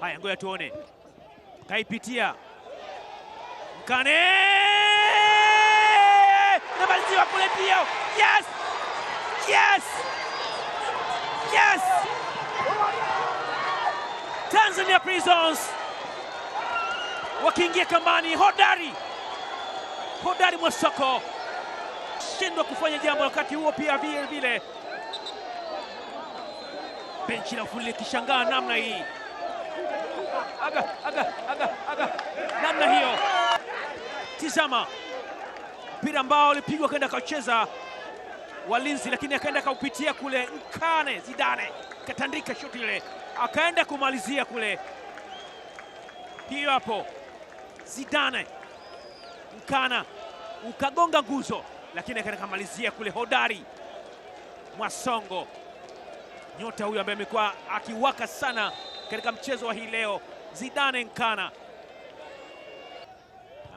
Haya, ngoja tuone. Kaipitia Mkane, namaliziwa kule pia. Yes! Yes! Yes! Tanzania Prisons wakiingia kambani hodari hodari, Mwasoko shindwa kufanya jambo. Wakati huo pia vile vile benchi la ufundi likishangaa namna hii aga, aga, aga, aga, namna hiyo. Tizama mpira ambao ulipigwa kaenda kacheza walinzi, lakini akaenda kaupitia kule Nkane Zidane, katandika shoti ile, akaenda kumalizia kule. Hiyo hapo Zidane Nkana ukagonga nguzo, lakini akaenda kamalizia kule hodari Mwasongo, nyota huyo ambaye amekuwa akiwaka sana katika mchezo wa hii leo Zidane Nkana.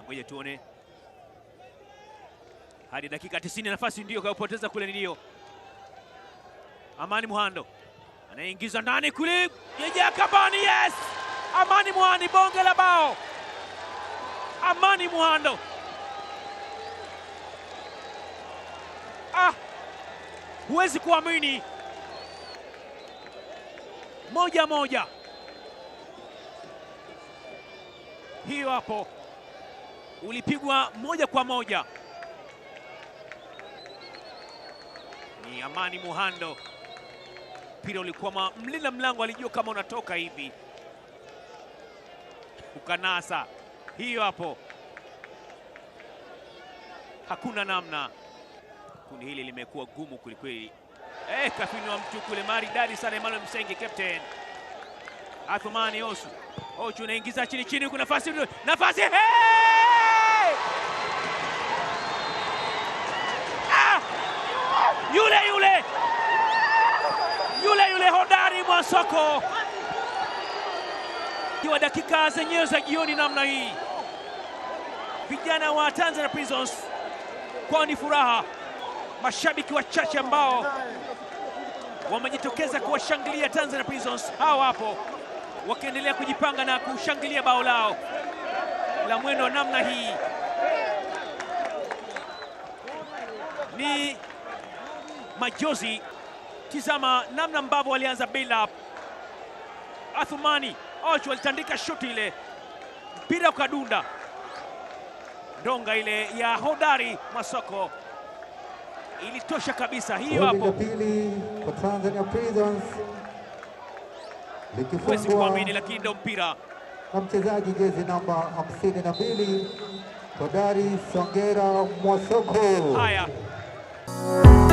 Ngoja tuone hadi dakika 90, nafasi ndio kaupoteza kule ndio Amani Muhando anaingiza ndani kule Yejea Kabani, yes! Amani Muhando, bonge la bao! Amani Muhando, ah, huwezi kuamini! Moja moja. hiyo hapo, ulipigwa moja kwa moja. Ni Amani Muhando, mpira ulikuwa mlinda mlango alijua kama unatoka hivi, ukanasa hiyo hapo, hakuna namna. Kundi hili limekuwa gumu kwelikweli. Eh, wa mtu kule, maridadi sana Emmanuel Msengi, captain Athumani Osu. Ochu unaingiza chini chini, kuna nafasi nafasi, hey! ah! yule yule yule yule hodari soko kiwa dakika zenyewe za jioni namna hii, vijana wa Tanzania Prisons kwao ni furaha, mashabiki wachache ambao wamejitokeza kuwashangilia Tanzania Prisons hawa hapo wakiendelea kujipanga na kushangilia bao lao la mwendo wa namna hii. Ni majozi. Tizama namna ambavyo walianza build up. Athumani Ocho alitandika shoti ile, mpira ukadunda, ndonga ile ya hodari Mwasoko ilitosha kabisa hiyo hapo huwezi kuamini, lakini ndio mpira na mchezaji jezi namba 52 Hodari Songera Mwasoko. Haya.